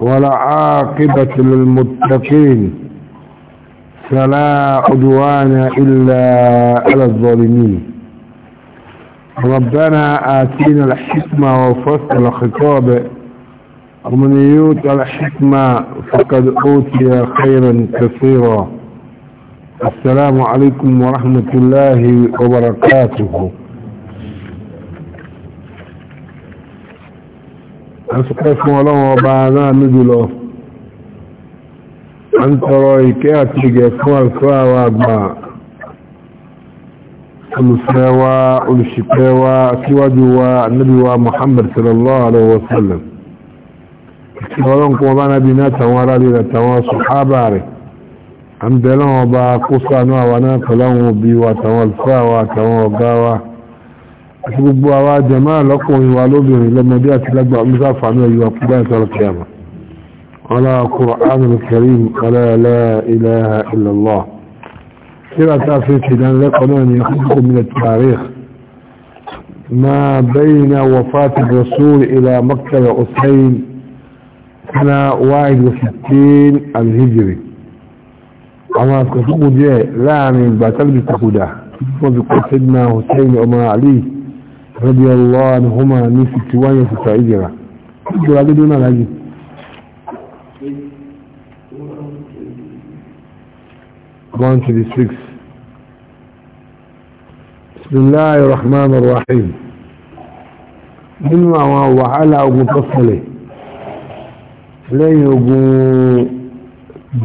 ولا عاقبة للمتقين فلا عدوان إلا على الظالمين ربنا آتينا الحكمة وفصل الخطاب ومن يوت الحكمة فقد أوتي خيرا كثيرا السلام عليكم ورحمة الله وبركاته àsìkò fún ọlọ́wọ́n ọba aláàánú jùlọ a ń tọrọ ìkẹ́ àti ìgẹ̀ fún àlùfáà wa àgbà olùfẹ́ wa olùṣìpẹ̀ wa síwájú wa ànábì wa Muhammad sallallahu alaihi wa sallam ìṣẹ́wọ́n kún ọba nábi náà tàwọn ará rẹ̀ tàwọn sọ̀hábà rẹ̀ a ń bẹ̀rẹ̀ ọba kó sánú àwọn náà pẹ̀lú àwọn wa tàwọn àlùfáà wa tàwọn ọ̀gá wa àti gbogbo àwa jẹ̀má lọ́kùnrin wa lóbìnrin lọ́mọdé àti lágbà mùsàfàánú ẹ̀yọ́ àkúgbà ìsọ̀rọ̀ kìyàmà ọlá kùránù kẹrìm ọlá ilaha illallah síra tá a fi kìdán lẹ́kọ̀ọ́ náà ni ọkùnkù mílẹ̀ tààrí ma bẹ́yìnà wafati rasul ila makkah hussein sana wáyé wasitin alhijiri àwọn àkọsùkù díẹ̀ láàrin bàtàlì kòkòdà wọ́n fi kọ́ sẹ́dínà hussein ọmọ aliyu radiyallahu anhuma ní fifty one years ìtà ìjìrà ìjìrà gẹ́gẹ́ náà lájì one twenty six bismillahir rahmanir rahim nínú àwọn wàhálà ogun tó ṣẹlẹ̀ lẹ́yìn ogun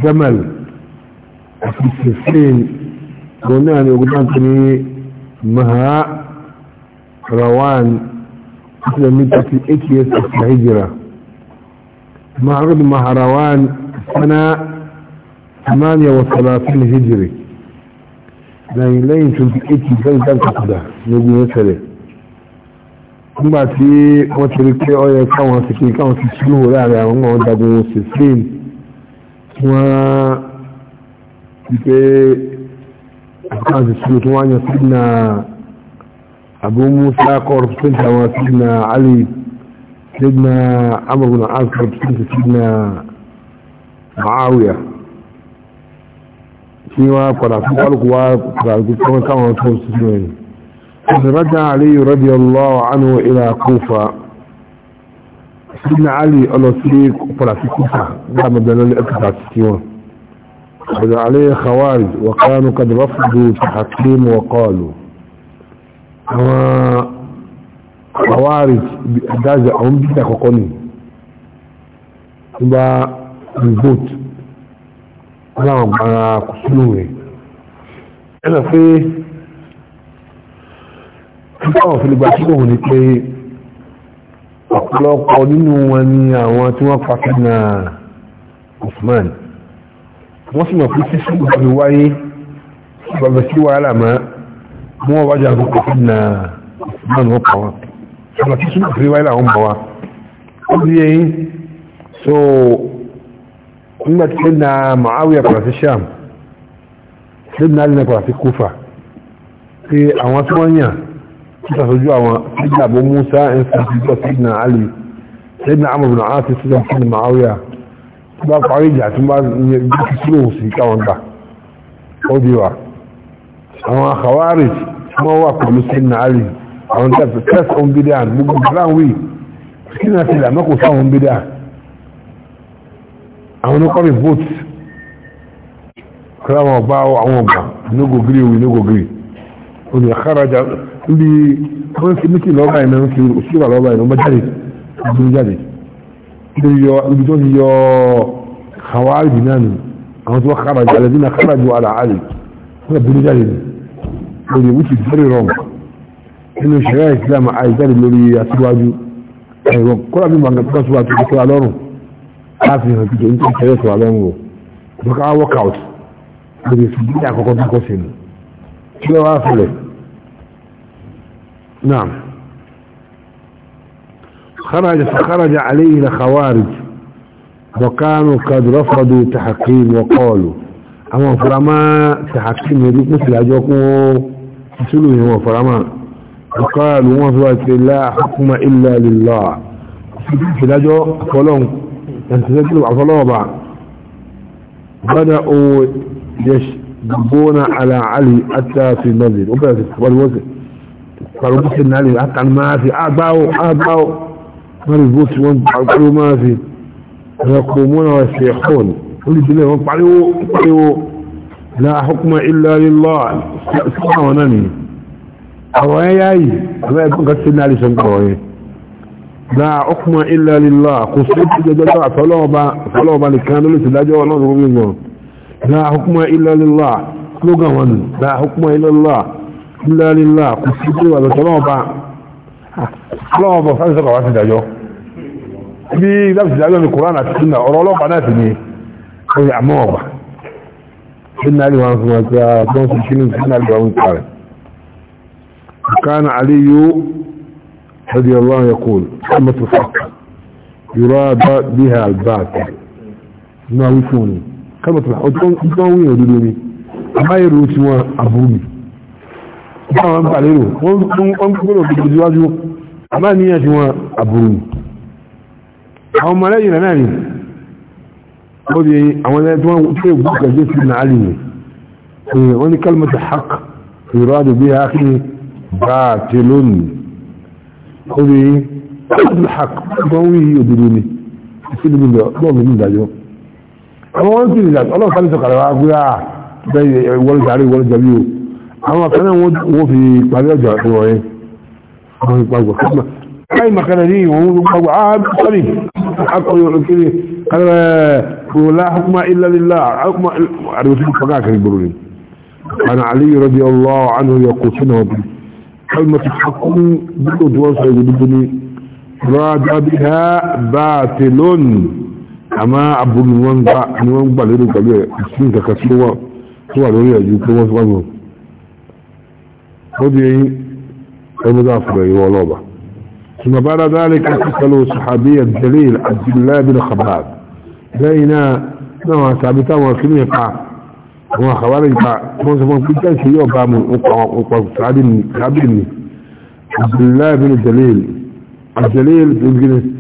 jamal àti sifin òun náà ni ogun náà ti ní mahaa روان مثل من 38 years of الهجرة معرض مهروان سنة 38 هجري لين لين 38 سنة كان تقدر نقول مثلا nígbà tí wọ́n ti rí pé ó yẹ káwọn ti kí káwọn ti sílò láàrin àwọn ọmọ ọ̀dàgùn sixteen tí wọ́n ti pé àkáǹtì sílò tí wọ́n á yan sí náà abu musa korfin tawa sidna ali sidna amr bin as korfin sidna muawiya shi wa kwada su kwalkuwa kwalku kuma kama to su ne da raja ali radiyallahu anhu ila kufa sidna ali olosi kwada su kufa da madalan aka ta ciwon عليه خوارج وكانوا قد رفضوا تحكيم وقالوا àwọn àwárí àdájọ àwọn bíbí àkọ́kọ́ ni nígbà revolt aláwọn gbára kùsùlù rẹ̀ ẹ̀nà pé nígbà wọn fi lè gba síkò ní pé ọ̀pọ̀lọpọ̀ nínú wọn ni àwọn tí wọ́n pàṣẹ na Usman wọ́n sì mọ̀ pé sísú ìgbàgbé wáyé ìgbàgbé sí wàhálà máa mọ́ wájá gbogbo fún na ìsìnmáà wọ́n pàwọ́ ọ̀nà tí súnmọ̀ sí wáyé àwọn bọ̀wá ó bí yẹn so nígbà tí ó na Muawiya padà sí Sham tí ó na alẹ́ padà Kufa tí àwọn tí wọ́n yàn tí sàṣojú àwọn sídìnà Abu Musa ń sàṣojú sídìnà Ali sídìnà Amr bin As sídìnà fún Muawiya tí wọ́n parí ìjà tí wọ́n bá yẹ kí sílò sí káwọn gbà ó di wa àwọn Khawarij tí wọ́n wà pẹ̀lú sẹ́yìn àárí àwọn tẹ́fẹ̀ tẹ́fẹ̀ ohun bídẹ́ à gbogbo gbàláwì kí náà ti lànà kò sáwọn ohun bídẹ́ à àwọn oníkọ́rin vote kíláwọn ọba àwọn ọba nógò gírí òwì nógò gírí òní àkàràjà níbi wọ́n ti mítì lọ́ba ìmọ̀ ń fi òṣìṣẹ́ lọ́ba ìmọ̀ jáde ìdúró jáde ibi tó ti yọ Khawarij náà nù àwọn tí wọ́n kàràjà lẹ́bí náà kàràjù àlàálì wọ́n lórí which is very wrong nínú ṣẹ̀rẹ́ islam àìjáde lórí aṣíwájú ẹ̀rọ kọ́lá bí màgbà tó wà tó wà lọ́rùn láti hàn tó ní ṣẹ̀rẹ́ tó wà lọ́rùn o tó ká workout lórí ìṣubú ní àkọ́kọ́ tó kọ́ sínú kí lọ́wọ́ àfẹ́lẹ̀ náà خرج فخرج عليه الخوارج وكانوا قد رفضوا تحقيم وقالوا اما فرما تحقيم يريد مثل اجوكم ìṣúlù ìwọ̀n farama ọkàlù wọn fi wá ti la hukuma illa lillah ìdájọ́ àfọlọ́n ẹ̀ntẹ́sẹ́kìlù àfọlọ́ọ̀bà bada o yashbuna ala ali hatta fi masjid ó bẹ̀rẹ̀ sí pariwọ́sì pariwọ́sì náà lè àtàn máa fi àgbáwò ẹ̀kọ́ mọ́nà ọ̀sẹ̀ wọn pariwo pariwo لا حكم إلا لله سبحانه ونمي أوايا أي أما يكون قد سنة لسنقوه لا حكم إلا لله قصيت جدوا فلوبا فلوبا لكانوا لسلاجوا ونظروا بيهم لا حكم إلا لله لغوا لا حكم إلا الله إلا لله قصيت جدوا فلوبا فلوبا فلسقوا واسداجوا bí ìdáàbòsílẹ̀ àjọ́ ní kòránà ti sínà ọ̀rọ̀ ọlọ́pàá náà ti ní ọ̀rẹ́ àmọ́ ọ̀gbà سيدنا علي وانسوا كون سيدنا سيدنا علي وانسوا كان علي رضي الله يقول كلمة الحق يراد بها الباطل ناويتوني كلمة الحق ناوي يدلوني ما يروتوا أبوني báwọn ń bà lérò wọ́n gbọ́dọ̀ gbogbo síwájú àmá níyànjú wọn àbúrú àwọn ọmọ lẹ́yìn rẹ̀ náà ni ó di àwọn ẹni tí wọ́n tí ègbú kẹjẹ́ sí ní alìyàn wọ́n ni kalmata haq ìrọ́dù bí a kí bá ti lónìí ó di kalmata haq tó wí òdòdó ni sí ní lọ́ọ̀lù ní ìdájọ́ àwọn wọ́n ti ìdájọ́ ọlọ́run kan sọ kàrọ̀ agbé à bẹ́ẹ̀ wọ́n jàrí wọ́n jàrí o àwọn akẹ́nà wọ́n fi parí ọjà ìwọ̀n yẹn wọ́n fi pàgbọ̀ kọ́mà láì màkàrà ah, kiri kàrẹ̀ ولا حكم إلا لله حكم أرسل فقاك يقولون كان علي رضي الله عنه يقول سنه كلمة الحق بدون وصل بالبني راد بها باطل أما أبو المنبع المنبع لذلك قال اسمك كسوا سوى لوريا يجيك وصل خذي المضافر يوالوبة ثم بعد ذلك أسألوا صحابي الجليل عبد الله بن خباب بين ما ثابت او كلمه با هو خبر با هو سبب كل شيء با من اوقات قادم قادم عبد الله بن الجليل الجليل بن جليل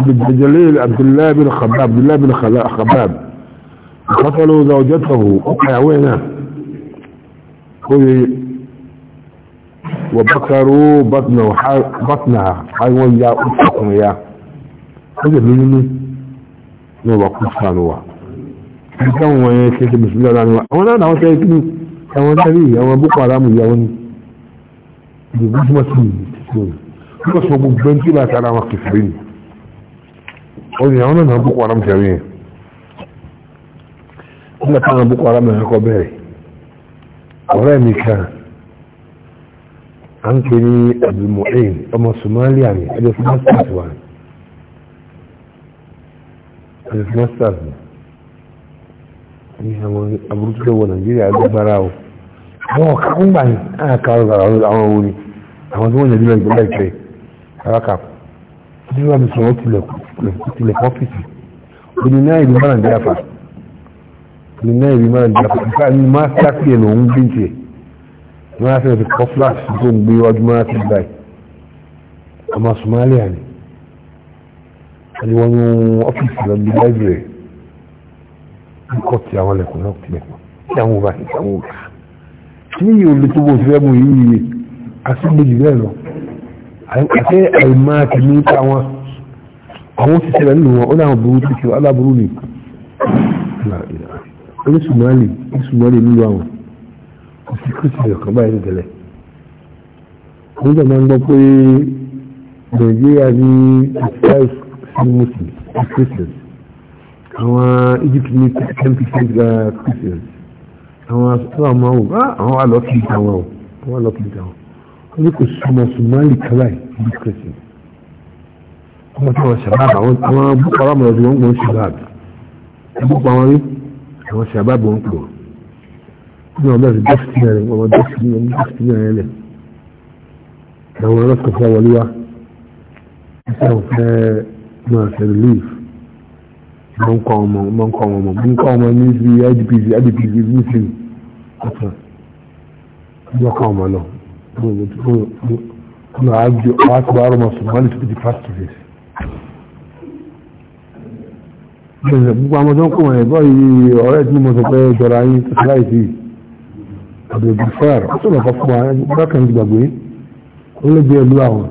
عبد الجليل عبد الله بن خباب عبد الله بن خباب قتلوا زوجته وقعوا وين وبكروا بطنه بطنها حيوان يا اسكم يا هذا من ní ọba kú sànù wa nígbà wọn yẹn ṣe ṣe mùsùlùmí ọ̀la ni wa àwọn náà náà fẹ́ kí ni àwọn tẹ́lẹ̀ yìí àwọn boko haram ìyàwó ni ìdìbò tí wọ́n ti sọ ní wọ́n sọ gbogbo ẹni tí láti ara wọn kìfìrí ni ọ̀rọ̀ àwọn náà boko haram tẹ̀lé yẹn wọ́n náà táwọn boko haram yẹn kọ́ bẹ̀rẹ̀ ọ̀rẹ́ mi kan à ń pè ní abdulmuhin ọmọ somalia ni ẹjọ́ ẹ̀sìn masters ní àwọn aburúkúlẹ̀ wọ nàìjíríà agbára o àwọn ọ̀ká ń gbà ní àkàrọ̀ àwọn orin àwọn tí wọ́n yẹ nílẹ̀ ìgbọ́lá ìfẹ́ arákà tí wọ́n ti sọ̀rọ̀ tilẹ̀ ọ́fíìsì òní náà ìlú márùn jáfà òní náà ìlú márùn jáfà nípa ní master kí ẹ̀nà òun bí tiẹ̀ wọ́n á fẹ́ẹ́ fi kọ́ flash tó ń gbé wájú mọ́ra ti báyìí ọmọ Somalia ni ẹni wọ́n ní ọ́fíìsì lọ bí láìbìrì kọ́ ti àwọn ẹlẹ́kùn náà tilẹ̀kùn tí àwọn òbá ti sàwọn òbá kí ni yóò lè tó bó fẹ́ mú yìí asúgbèjì náà lọ àti àìmá tèmi pa wọn àwọn ti ṣẹlẹ̀ nínú wọn ó náà burú tó ṣe aláburú ni oníṣùmọ́lì oníṣùmọ́lì nílò àwọn kò sí kírísìtì ọ̀kan báyìí ní àwọn ìjọba ń gbọ́ pé nàìjíríà ní 35 ní muslim and christians àwọn egypt ní ten percent ga christians àwọn asọ́tọ́ ah, àwọn àwọn àwọn alọ́kìlì àwọn o àwọn alọ́kìlì àwọn wọ́n ní kò sọmọ somali kalai ní christian wọ́n tí wọ́n shabab àwọn boko haram ọ̀dọ́ wọn gbọ́n shabab boko haram rí àwọn shabab wọn kúrò ní wọn bẹ́ẹ̀ dọ́kítì náà rẹ̀ wọ́n dọ́kítì náà rẹ̀ dọ́kítì náà rẹ̀ lẹ̀ àwọn ọlọ́kọ̀ọ́fẹ́ wọlé wa ẹ̀sẹ̀ àwọn fẹ́ẹ́ náà ṣe relief mọ nkọ ọmọ mọ nkọ ọmọ mọ nkọ ọmọ ní ibi idpc idpc muslim ọtọ yọkọ ọmọ lọ ọmọ àjọ àtúbárò mọ sọmọlì tó ti fast to face. bẹ́ẹ̀ gbogbo àwọn tó ń kó wọn ẹ̀ bọ́ yìí ọ̀rẹ́ tí mo sọ pé jọra yín tó ṣe láìsí àbẹ̀bí fẹ́ẹ̀rọ ó sọ̀rọ̀ kan fún wa bákan gbàgbé ó lè gbé ẹlú àwọn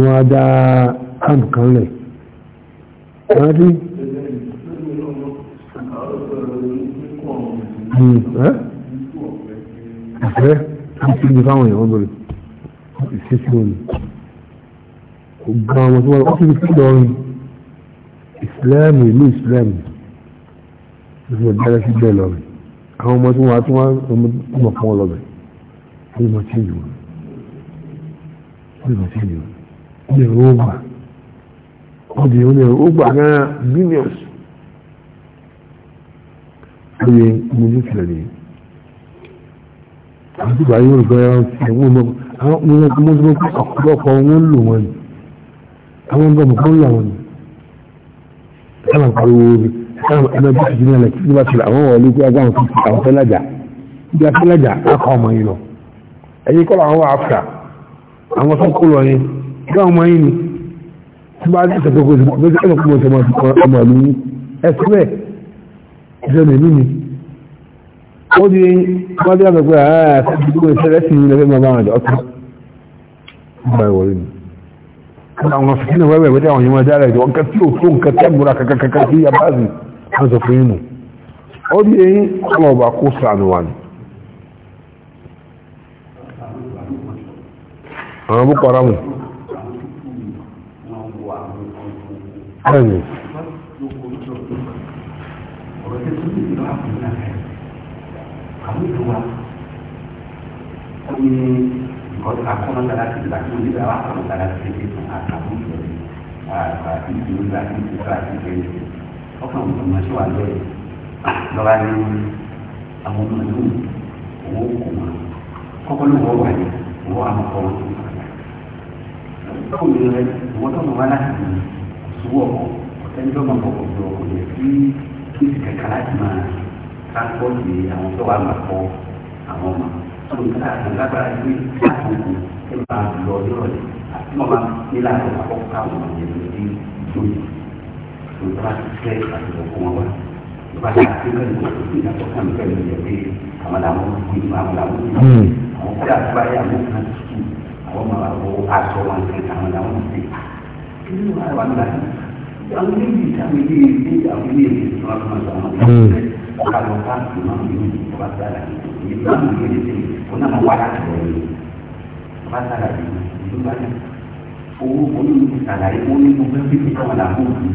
wọn á dá hàn kan lẹ̀ rántí. ìfẹ́ ìfẹ́ ìfẹ́ àwọn èèyàn bẹ̀rẹ̀ ìfẹ́ sí wọn kò gbọ́n àwọn tó wà lọ́wọ́ sí ìfẹ́ lọ́rin ìsìlẹ́mù ìlú ìsìlẹ́mù ìfẹ́ bẹ̀rẹ̀ sí bẹ́ẹ̀ lọ́rin àwọn ọmọ tí wọ́n á tún wá ọmọ fún wọn lọ́bẹ̀ ó lè mọ̀ tí ìlú ó lè mọ̀ tí ìlú ó lè rọ́ọ̀bà ọdún yìí ó gbà náà billions lóye mojú tilẹ̀ ni àti ìgbà yóò gbọ́ ẹ̀wọ̀n mọ́ àwọn mọ́tò ọ̀pọ̀lọpọ̀ wọn lò wọ́n ni àwọn ọgbọ́n mọ̀kàn ń là wọ́n ni kálá pariwo ni kálá ẹ̀mẹ́ bí ṣùgbọ́n ẹ̀lẹ́ kí nígbà tilẹ̀ àwọn wọlé pé agbáwọn fi ti àwọn fẹ́lájà bí a fẹ́lájà akọ ọmọ yìí lọ ẹ̀yin kọ́ àwọn wà áfíà àwọn tó kó yẹn bí àwọn ọmọ yìí ni tí bá ní ìsọ̀tọ̀ gbogbo ìsọ̀mọ̀ ọmọ mi ní ẹsẹ̀ bẹ́ẹ̀ ìjọ nìlú ni ó di wọ́n dé àgbẹ̀gbẹ̀ ààrẹ gbogbo ìṣẹ̀lẹ̀ sí ilẹ̀ fẹ́ máa rẹ̀ ọ̀tọ̀ ìgbà ìwọ̀lẹ̀ ni àwọn fìkínà wẹ́wẹ́ wẹ́dẹ́ àwọn yẹmọ́ dára ìjọ nǹkan tí ó tó nǹkan tẹ́ múra kankan sí abáàzì wọ́n sọ fún inú ó di eyín bẹ́ẹ̀ni. ọkàn òkùnkùn máa ṣe wà lẹ́yìn lọ́wọ́ ní àwọn ọmọ ìlú owó kò mọ́ kọ́kọ́ ló wọ́ wà ní owó àmọ́kọ́ wọn. lọ́wọ́ mi rẹ̀ ìwọ́n tó mọ̀ wá láti mọ̀ owó ọkọ̀ ọ̀tẹ́ni tó máa kọ̀kọ̀ tó ọkọ̀ yẹ kí kí sì kẹ̀kẹ́ láti máa transport àwọn tó wà máa mga àwọn mga tó mga tà ní lágbára pé láti kù ẹ máa lọ yọ̀ọ̀lẹ̀ àti wọ́n máa ní láti mga káwọn mga yẹn lọ sí ìjọba tó bá ti fẹ́ àti ọkọ̀ wọn mga ìgbà mga a ti kẹ́ ìgbà tó ti yàtọ̀ kàn fẹ́ lọ yẹ pé àwọn làwọn ti gbé àwọn làwọn ti gbé hmm. àwọn kọ́dà tó bá yà wọ́n kan sùn àwọn máa wọ aṣọ wọn kẹ́kẹ́ àwọn làwọn ti gbé nínú àwa ńlá àwọn méjì sáwọn ilé ilé àwọn ilé ìlú tó wà fún àwọn ọmọ ọmọ àwọn káàkiri máa ń yí ọba sára ìlú àwọn ìlú ìlú wọn náà wà láti rẹ ní ọba sára ìlú ìlú bá yẹ owó olóyún sàlàyé wọn ní gbogbo ẹgbẹ́ tí káwọn làwọn òbí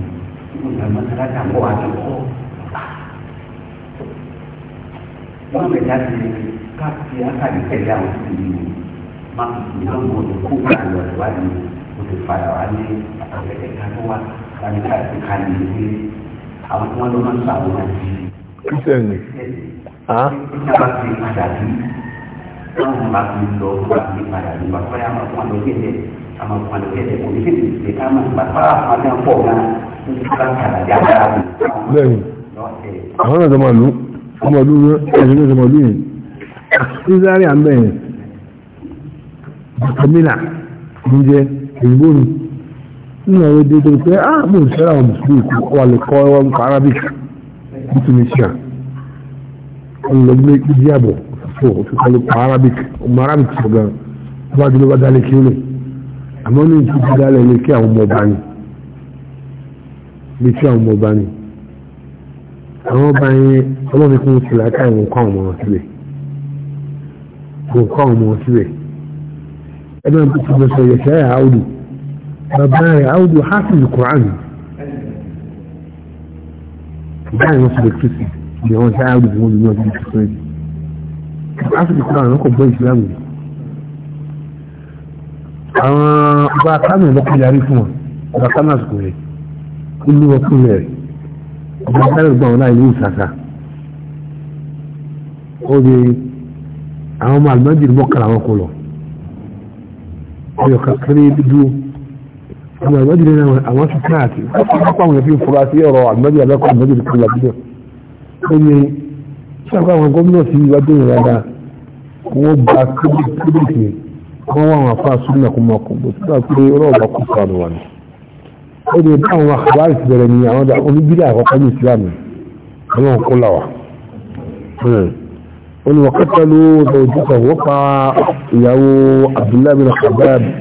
nínú ìlú àwọn sára tà kọ àtọkọ wọn bẹ jáde káàkiri àkàdé tẹ́lẹ̀ àwọn ìlú máa ń gbọ́dọ̀ kó wà lọ ìpadà wá ní àgbẹ̀dẹ̀ ká láti ká ti ní ilé àwọn tí wọ́n ló máa ń sàwọn àti kírísítẹ̀nì ìjọba ti padà bí wọ́n máa fi lọ wá sí padà bí wọ́n fẹ́ àwọn kan ló àwọn kan ló kò ní kéde ìgbé ká máa gbà fáwọn àwọn tí pọ̀ gan ní kíkà kàlàjà dára bí. bẹ́ẹ̀ni àwọn náà tó máa lù ọmọdún ẹni tó máa lù yẹn àti sáré àmbẹ̀yẹn bàtàmílà ń jẹ́ òyìnbó ni nínú àwọn èdè tó pé ah mo ń fẹ́ràn àwọn mùsùlùmí kú wà lè kọ́ wọn kọ́ arabic ní tunisia ọlọ́gbẹ́ ìdí àbọ̀ fò tó kọ́ lè kọ́ arabic ọmọ arabic tó gan wọ́n adúlọ́ bá dálé kí lè àmọ́ ní ìtú ti dálé lè kí àwọn ọmọ ọba ni lè kí àwọn ọmọ ọba ni àwọn ọba yẹn ọlọ́run kún un sí làákà ìwọ̀n ọmọ wọn síbẹ̀ ìwọ̀n ọmọ wọn síbẹ̀ أنا أقول لك يا عودي ربنا عودي حافظ القرآن يعني نصب الكسر اللي هو عودي بيقول لي نصب الكسر حافظ القرآن نقول بوي إسلامي أبا كان بقول يعرفون أبا كان أذكره كل وكل يعرف أبا كان يرضى ولا يوسع هو دي أهم المنزل بكرة وكله ọyọ̀ kankan dúró àwọn ìwádìí lẹ́nu àwọn ti káàkiri pápá àwọn èèyàn fi sí ọ̀rọ̀ àgbẹ̀dì abẹ́kọ̀ àgbẹ̀dì kan làbíjọ́ ó ní sábà àwọn gómìnà sí iwájú ìrìn àdá wọ́n gba kébìkì wọ́n wà wọn afá súnmọ́ kó mọ́ kó bó síbà pé ọlọ́ọ̀bà kó sọ̀rọ̀ wà ní. ó ní bí àwọn àkàbárì ti bẹ̀rẹ̀ ní àwọn oníbílẹ̀ àkọ́kọ́ ní ìsìlámù ọlọ́run kó là قل وقتلوا زوجته وقع يو عبد الله بن خباب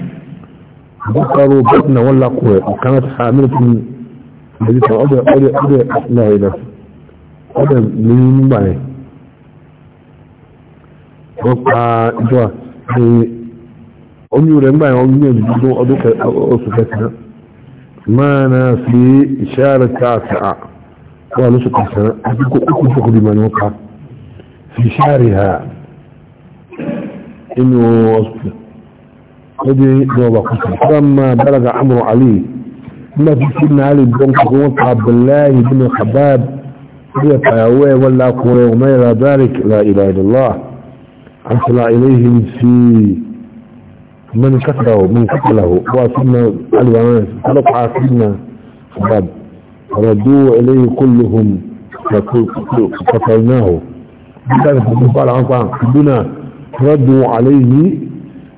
ذكروا بطن ولا قوة وكانت حاملة حديث أبي أبي أبي لا إله أبي من معي وقع جوا أمي ولما أمي بدو أدوك أصفتنا ما أنا في إشارة تاسعة قالوا شكرا سنة أدوك أكل شكرا لمن وقع بشعرها انه ودي قصر لما بلغ عمر علي ما في سيدنا علي بن قوت عبد الله بن خباب هي فاوي ولا قوي وما الى ذلك لا اله الا الله ارسل اليهم في من كتبه من قتله وسيدنا علي وانس تلقى سيدنا خباب ردوا اليه كلهم فقتلناه قال عن قرآن كلنا ردوا عليه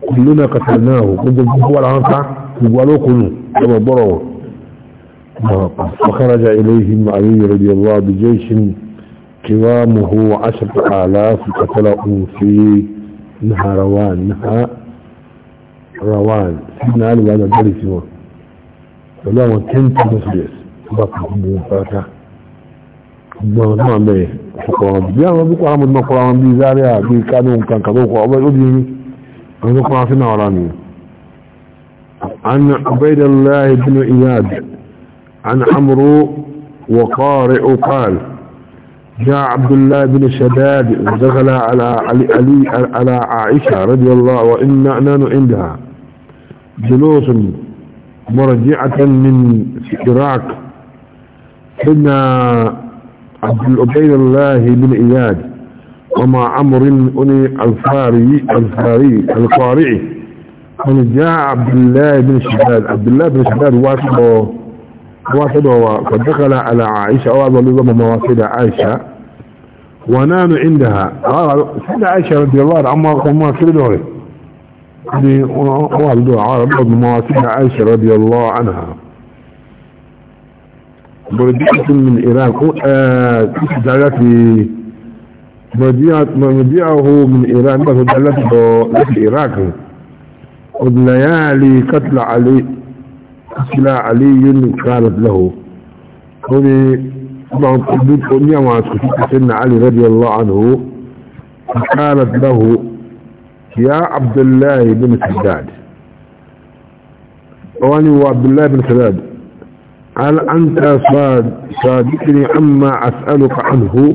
كلنا قتلناه قال العن قرآن وقالوا كنوا كما بروا فخرج إليهم علي رضي الله بجيش كرامه عشرة آلاف قتلوا في نهاروان نهر روان سيدنا علي وعلى ذلك والله وانتنت مصريس فبقى هم فاتح عن عبيد الله بن إياد عن عمرو وقارئ قال جاء عبد الله بن شداد ودخل على علي, علي على عائشة رضي الله وإنا نحن عندها جلوس مرجعة من عراق حين عبد عبيد الله بن اياد وما عمر اني الفاري الفاري القارعي من جاء عبد الله بن شداد عبد الله بن شداد واحد واسطه فدخل على عائشة وعضل لهم مواصل عائشة ونام عندها قال سيدة عائشة رضي الله عنها قم كل يعني عائشة رضي الله عنها مرجعة من إيران آه، في مرجعه من إيران بس دلته في العراق ليالي قتل علي قتل علي قالت له قولي طبعا قلت قلني وعسكتك سن علي رضي الله عنه قالت له يا عبد الله بن سداد واني عبد الله بن سداد هل أنت صادقني عما أسألك عنه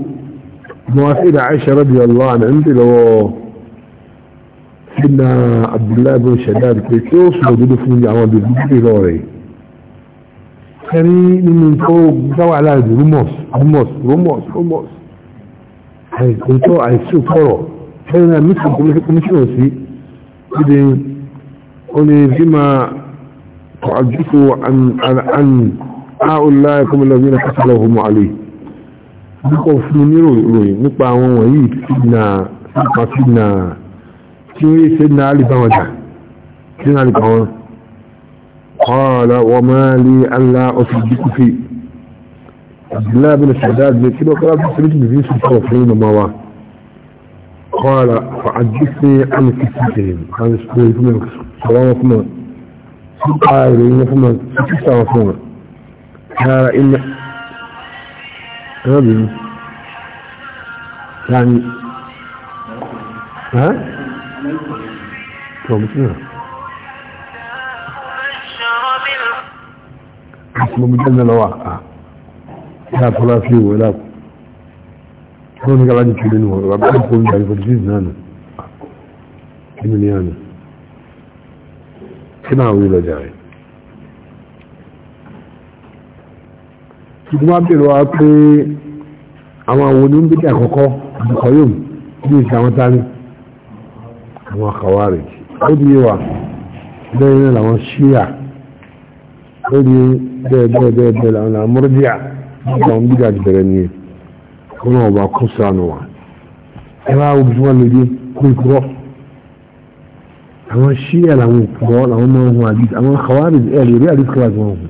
مواسئلة عائشة رضي الله عنه عندي لو سيدنا عبد الله بن شداد كيوس موجود في من يعمل بذلك لوري كري من فوق دوا على هذه رموس رموس رموس رموس هاي كنتو عايشو فرو كان مثل كمشنوسي بدين قولي فيما تعجفوا عن عن عن هؤلاء هم الذين حصلهم عليه nípa òfin onírò ìròyìn nípa àwọn wọ̀nyí ìfìnà nípa fìnà tí ó yé sẹ́dínà alìbáwọ̀dà tí náà nípa wọn kọ́ọ̀lá wọ́n máa lé alá ọ̀sán díkù fi àbúlá bí nàṣàdá àgbẹ̀ kí lọ́kọ́lá bí sẹ́dínà bí sọ́kọ̀ fún mọ́mọ́ wa kọ́ọ̀lá fàájú sí àmì kìsìtì àmì sọ́kọ̀ fún mọ́ قائل إنكم تستغفرون قال إن ربي يعني ها؟ ممكن اسم مجلد الواقع لا ثلاثي ولا كون قاعد يكلمون ربي يكون يعرف الجيز هنا من يعني kí náà wí lọ jàre ṣùgbọ́n wá bèrè wa pé àwọn àwọn oníbídà àkọ́kọ́ àbùkọ́ yòm bí ìṣe àwọn tání àwọn àkàwárí ó di wa bẹ́ẹ̀ náà làwọn ṣíyà ó di bẹ́ẹ̀ bẹ́ẹ̀ bẹ́ẹ̀ bẹ́ẹ̀ làwọn àmúrúdíà àwọn bídà àti bẹ̀rẹ̀ nìyẹn kó ọba kó sànù wa ẹ wá ojú wọn lóde kó ìkúrọ́ àwọn ṣíyà làwọn òpùrọ́ làwọn máa ń hun àdìs àwọn khawarij ẹ̀ lè rí àdìs kọ́lá tí wọ́n hun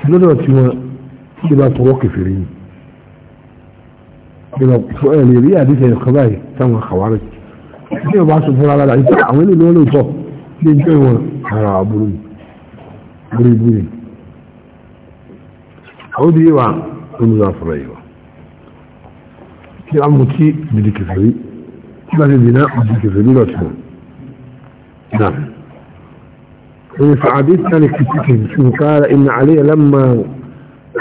tí lọ́dọ̀ tí wọ́n tí lè bá pọ̀rọ́ kẹfìrí ni ẹ̀ lè rí àdìs ẹ̀ kọ́lá yìí táwọn khawarij tí wọ́n bá sọ fúnra lára àdìs àwọn ilé lọ́wọ́ lóòótọ́ bí n jẹ́ wọn ara àbúrò ni àbúrò ibú ni àwọn òbí wa ló ń lọ àfọ̀rọ̀ yìí wa kí a kí dìdì kẹfìrí kí bá نعم في فعديث كان كتبه شو قال إن علي لما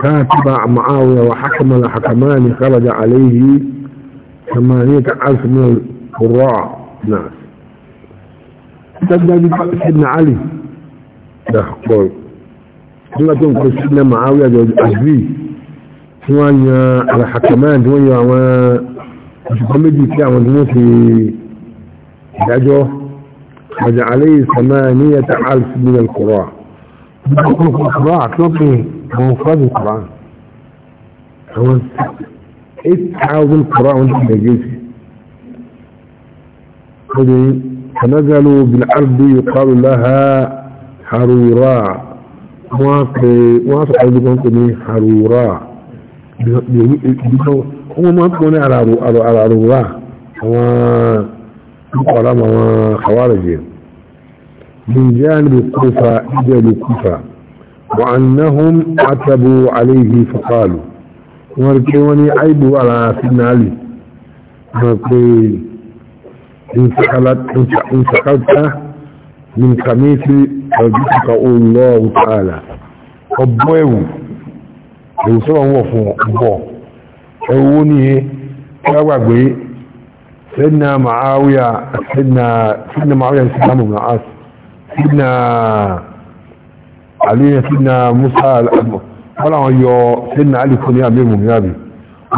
كاتب معاوية وحكم الحكمان خرج عليه ثمانية ألف من القراء نعم تبدأ سيدنا علي ده قول الله تنقل سيدنا معاوية جوز أجبي سوانيا على حكمان سوانيا وما مش قمدي كلا ونموتي دجوه عليه ثمانية ألف من القراء في القراء اطلقه مفرد القراء هو اتعاوض القراء وانت بجيسي فنزلوا بالعرض يقال لها حروراء واقع لكم كني حروراء هو ما تقولي على حروراء هو قال ما خوارج من جانب الكوفة إلى الكوفة وأنهم عتبوا عليه فقالوا واركوني عيبوا على سيدنا علي فقال إن سقلت من قميصي فجسك الله تعالى ọgbọ́n ẹ̀wù ẹ̀wù sọ́rọ̀ ń wọ̀ fún سيدنا معاوية سيدنا سيدنا معاوية الإسلام بن عاص سيدنا علي سيدنا موسى ولا يو سيدنا علي كوني أمير المؤمنين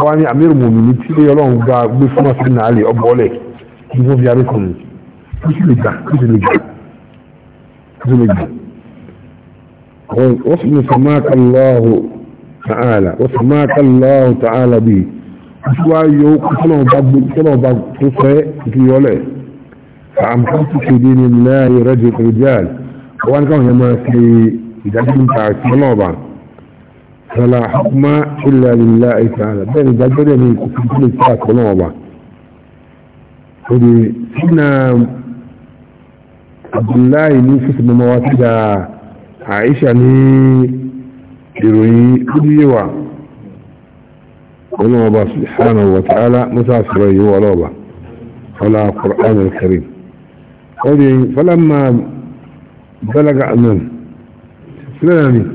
wọ́n ní amir mọ̀mìnì tí ó yọlọ́run gba gbé fún ọ̀sẹ̀ náà lè ọgbọ́ ọlẹ̀ kí wọ́n fi arí kùnrin kí sì lè gbà kí sì lè gbà kí sì lè gbà. wọ́n sì ní sàmáàkà lọ́hùn tààlà wọ́n sàmáàkà lọ́hùn tààlà bíi wá yọ kọ́nà ọba tó fẹ́ ìfìyọ́lẹ̀ àmkọ́tù kéde ní láàyè rẹ́dì ìrìjáàlì wọ́n ní káwọn yẹn máa fi ìdájọ́ nípa kọ́nà ọba sọlá ọkùnmá ilẹ̀ alìlá ìta àlà bẹ́ẹ̀ ni ìdájọ́ rẹ̀ ní ìkùnkùn tó lè fi àkọ́nà ọba ó di sínà abdullahi ní fífi mọ́mọ́ wá sí da àìsà ní ìròyìn ó الله سبحانه وتعالى مسافري ولوبة ولا قرآن الكريم فلما بلغ أمام سلامي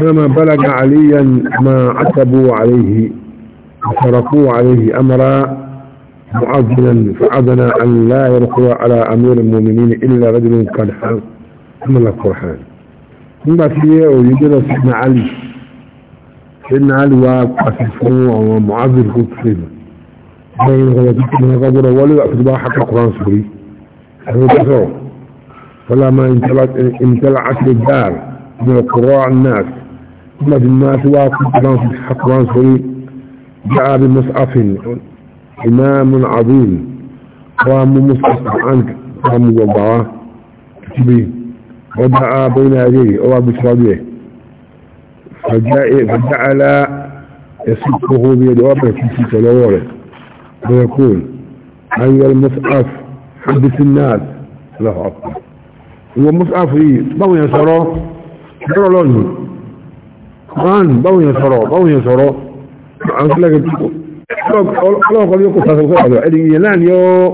فلما بلغ عليا ما عتبوا عليه وصرفوا عليه أمرا معذنا فأذن أن لا يرقوا على أمير المؤمنين إلا رجل قد حمل القرآن ثم في ويجلس مع علي سيدنا علي وقفت فيه ومعاذ القدسين بين غلطيك من قبر أولي وقفت بها حق القرآن سوري فلما امتلعت للدار من القراء الناس ثم الناس وقفت حق القرآن سوري جاء بمصحف إمام عظيم قام مصحف عنك قام وضعه كتبين ودعا بين يديه أو بشرابيه فجعل يسكه بيد ربه في تلوره ويقول أي المصحف حدث الناس له أكبر هو مصحف إيه بو يسره يرى لونه قرآن بو يسره بو يسره عن سلاك الله قد يقول صلى الله عليه وسلم يلان يو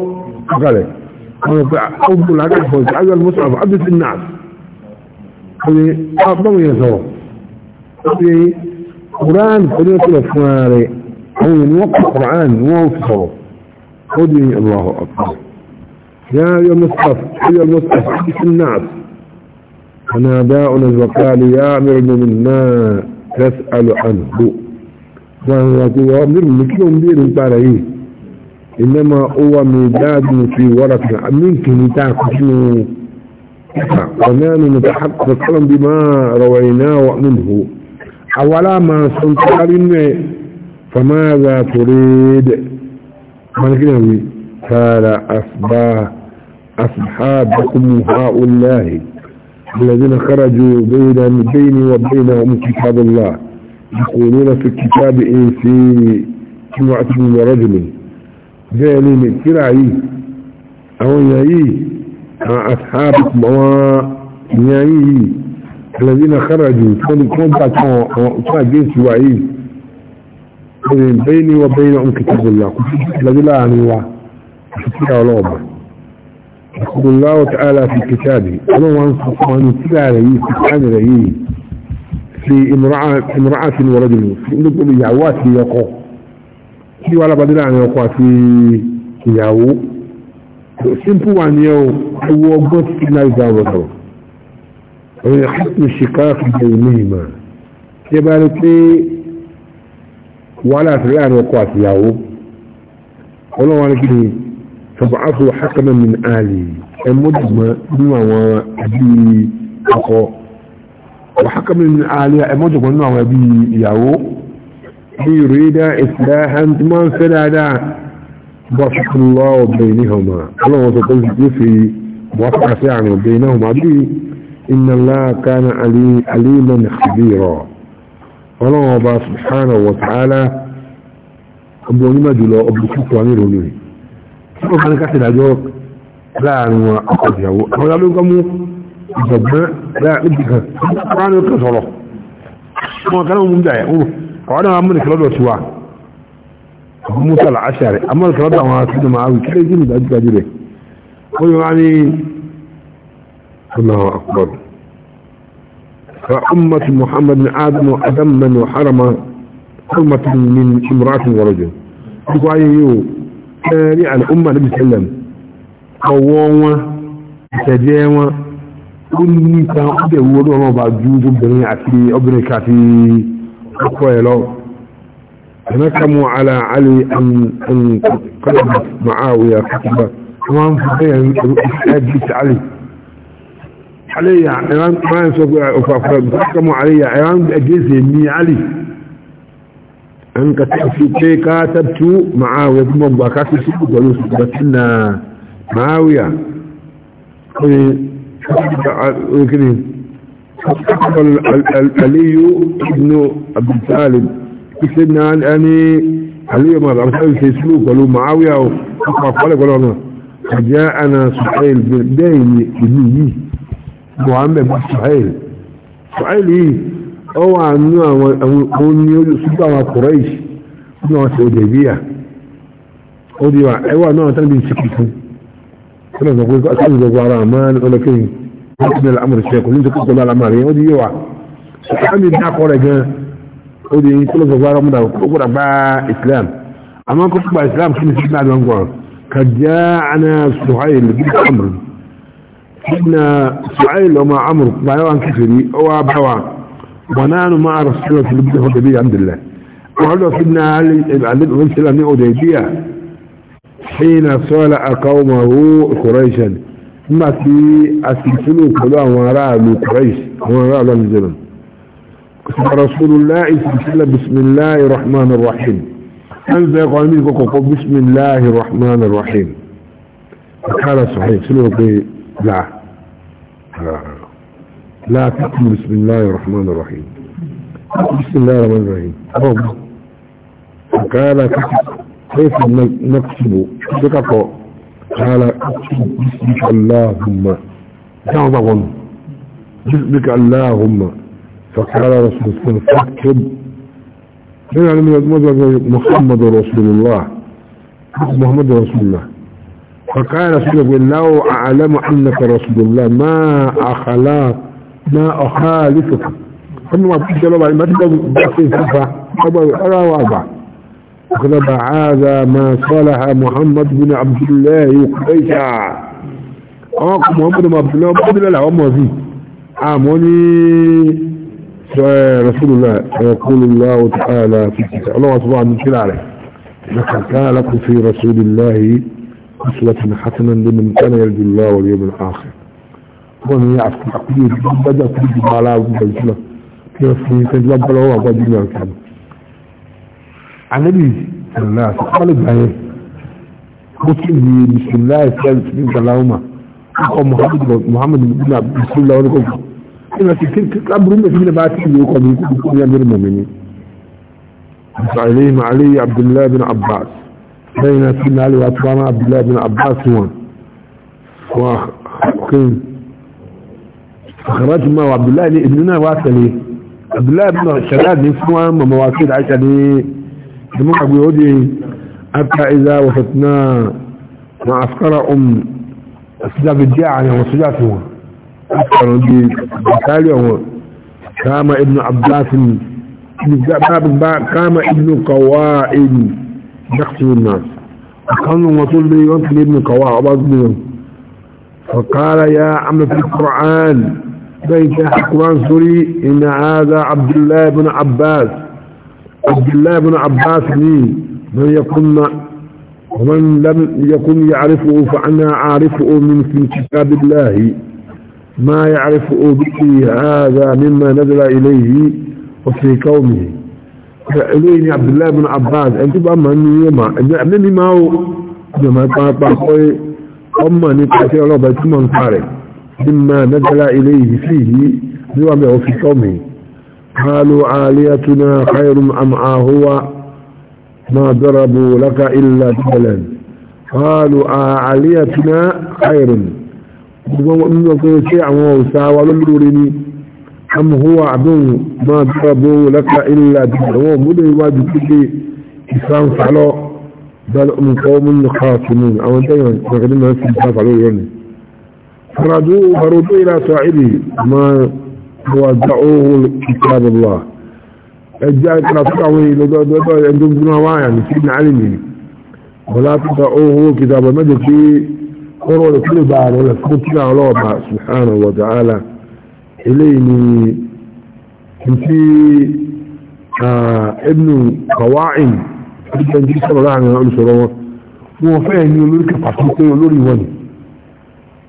قال أنا أقول لك أي المصحف حدث الناس بو يسره في قرآن حدث الأسمار هو من وقت القرآن وانصره خذني الله أكبر يا يا مصطف يا مصطف حديث الناس فناداؤنا وقال يا أمر من ما تسأل عنه وهو هو أمر مكلم بير تاريه إنما هو ميداد في ورقة منك نتاك منه ونحن نتحقق بما رويناه منه حوالا ما سلطان فماذا تريد ماذا كده قال أصباح أصحابكم هؤلاء الذين خرجوا بين بيني وبينهم كتاب الله يقولون في الكتاب إن في عتم ورجل ذالي من كراعي أو يعي أصحابكم أو يأيه الذين خرجوا كون against وعيد بيني وبينهم كتاب الله الذي لا عنوا كتاب الله يقول الله تعالى في كتابه أنا وانصف وان اتبع لي سبحان لي في امرأة, امرأة ورجل في نقول يعوات في يقو في ولا بدل عن يقوى في يعو simple one يو هو God signal down with وهي حكم الشقاق بينهما يبقى لكي ولا تلان وقوات ياو ولو وانا كده فبعثوا حكما من آلي المدمى بما هو أبي أخو وحكما من آلي المدمى بما هو أبي ياو يريد إصلاحا ما فلادا بصح الله بينهما الله تقول في وصف يعني بينهما بي إن الله كان علي عليما خبيرا ọlọ́run ọba subhanahu wa ta'ala ọba onímọ̀ jùlọ ọba kíkọ ní ìrònú rẹ̀ tí ó bá ní káṣí ìdájọ́ láàrin wọn akọ̀dìyàwó àwọn alóńgbọ́n mú ìgbàgbọ́n láàrin kan wọ́n ní ọkọ̀ sọ̀rọ̀ wọn kan mú jà ẹ̀hún àwọn àwọn amúnì kìlọ́dọ̀ sí wa àwọn mú sàlà àṣà rẹ̀ amúnì àwọn asúnmọ̀ kí الله أكبر فأمة محمد بن آدم وأدم من وحرم أمة من امرأة ورجل يقول أيه كان يعني أمة نبي قوامة تجاوة كل نيسا قد يقولوا أنا بعد جوز ابني أكلي ابني كافي أخوي له نكموا على علي أن أن قلبت معاوية كتبة وانفقيا يعني، الأستاذ علي علي ايران ما يفكروا علي ايران اجيز مي علي ان كتبت كاتبت معاويه بن بكر كتبت ولوس بتنا معاويه ويكني كده علي ابن ابي طالب سيدنا اني علي ما ارسل في سلوك ولو معاويه وقال قالوا جاءنا سحيل بن دايم بن Muhammad Suhail Suhail yìí ó wà nínú àwọn ohun ní ṣùgbọ́n àwọn Quraysh ní wọn ṣe òdèbíyà ó di wa ẹwà náà tán bí ṣe kìí fún ọ̀nà gbogbo àti gbogbo ara àmọ́ ọlọ́kẹ́yìn wọ́n ti nílẹ̀ amúrẹ̀ ṣe kò ní ṣe kókò lára màrí ó di yíwa ṣùgbọ́n dákọ̀ rẹ̀ gan ó di yín tọ́lọ̀ gbogbo ara mú dàgbà gba Islam àmọ́ kó gba Islam kí ni sí náà lọ́ngọ̀ kàjá àná Suhail bí amúrẹ̀ إن سعيل وما عمرو بيوان كفري أو بيوان ونحن مع رسول الله في البيت الحديبية الحمد الله وعلوا سيدنا علي عليه السلام أوديبية حين صلع قومه قريشا ما في أسلسلوا كلا وراء قريش وراء الزمن رسول الله صلى بسم الله الرحمن الرحيم أنزل يقول منك بسم الله الرحمن الرحيم فقال صحيح سلوك لا لا لا تقل بسم الله الرحمن الرحيم بسم الله الرحمن الرحيم رب فقال كيف نكتب بقطع قال اكتب باسمك اللهم تعظم باسمك اللهم فقال رسول الله وسلم يعني من محمد رسول الله محمد رسول الله فقال رسول الله لو أعلم أنك رسول الله ما أخلاق ما أخالفك ثم ما بقيت له ما تقول بأسين صفا أبا أرى وأربع أخذب هذا ما صالح محمد بن عبد الله قريشا أخ محمد بن عبد الله بقيت له أمه فيه آموني رسول الله يقول الله تعالى في الله سبحانه وتعالى لقد كان لكم في رسول الله أسوة حسنا لمن كان يرجو الله واليوم الآخر ومن يعرف الحقيقة بدأ في جمالا وبالجنة كيف يتجلب له وبالجنة الكلام عن النبي صلى الله عليه وسلم قال إبراهيم مسلم بسم الله السلام بسم كلاهما أخو محمد محمد بن عبد بسم الله ونقول إن تلك أمر أمة من بعث لي وقوم يكون أمير المؤمنين عليهم علي عبد الله بن عباس بين سيدنا علي وأتقان عبد الله بن عباس وان وخلقين فخرجنا وعبد الله لي ابننا واسلي عبد الله بن شداد نفوان ومواكيد عشا لي دموع بيودي حتى إذا وفتنا مع عسكر أم سجاف الجاعة وسجافه أكثر بكالية كام ابن عباس كام ابن قوائم يقتل الناس أقل وطول لي يقتل ابن قواعب بعضهم فقال يا عم في القرآن بيت القرآن سوري إن هذا عبد الله بن عباس عبد الله بن عباس لي من يكون ومن لم يكن يعرفه فأنا عارفه من كتاب الله ما يعرفه به هذا مما نزل إليه وفي قومه eléyìí ni abdullahi bin abbas ẹni tó bá máa ní yé ma ẹgbẹ́ mi máa ó jọmọ pápá kọ́ ọmọ nípa iṣẹ́ ọlọ́ọ̀bẹ tí mo ń pa rẹ̀ bí máa nẹ́gbẹ́lá eléyìí sí yìí bí wàá bẹ̀ ọ́ fi tọ́ mi. قالوا عاليتنا خير أم هو ما ضربوا لك إلا جبلا قالوا عاليتنا خير gbogbo ọmọ ọmọ ọmọ ọmọ ọmọ ọmọ ọmọ أم هو عدو ما ضربوا لك إلا هو مدعي واجب كل إسلام فعلوا بل من قوم خاصمون أو أنت مغلما سنفاف عليه يعني فردوه فردوه إلى صاحبه ما وزعوه كتاب الله الجاءت رفعوه عندهم جنوا يعني سيدنا علمي ولا تدعوه كتاب المجد في قروا لكل دار ولا تقول سبحانه وتعالى eléyìí ni tí ẹnu kọwáìn ìgbẹ̀ndì sọ̀rọ̀ láàrin olùsọ̀rọ̀ wọn wọn fẹ́ ní olórí pàtó pé olórí wọn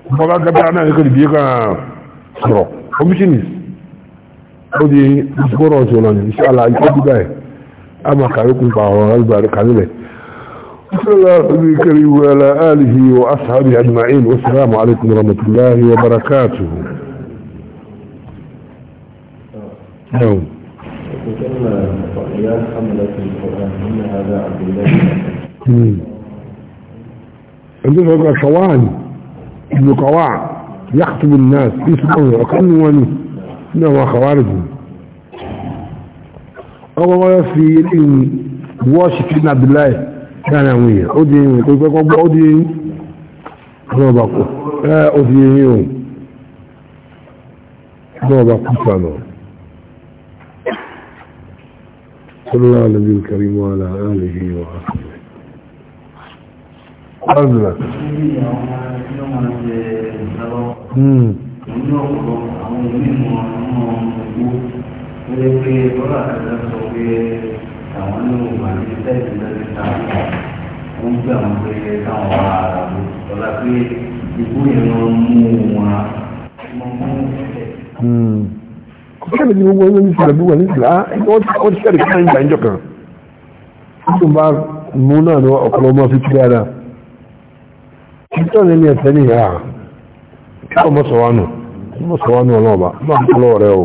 ni bọ́lá gábára náà yẹ́kọ̀ ìbí kan sọ̀rọ̀ commissioners ó di gbọ́rọ̀ ọ̀tọ̀ lọ́nà iṣẹ́ aláàjì ó ẹ̀ a máa kàrí kún pa àwọn alùbàrí kànílẹ̀ الله كريم وعلى آله وأصحابه أجمعين والسلام عليكم ورحمة الله وبركاته نعم وكما الرؤيا حملت القرآن إن هذا عبد الله عندنا يقرأ قوان ابن قواع يخطب الناس يسمعون وكأنه إنه خوارج أول ما يفي الإن واشك ابن عبد الله كان أمية اودي يقول لك أبو اودي أنا بقول أدين يوم أنا بقول سنة صلى الله على النبي الكريم وعلى آله وصحبه Ọ̀gbìnà. Mm kọ́kẹ́lẹ̀ ni gbogbo ẹni ìṣẹ̀lẹ̀ bí wọ́n ní ìṣẹ̀lẹ̀ ó ah, ti ṣẹ̀lẹ̀ káyìn ìgbà ìjọ kan tó bá mú náà ní ọ̀pọ̀lọ́ ọmọ fi kílẹ̀ ara títọ́ ní ní ẹ̀sẹ̀ ní ìhà kí ọmọ sọ̀wánù ọmọ sọ̀wánù ọlọ́ọ̀bá má ń kọ́lọ́ rẹ̀ o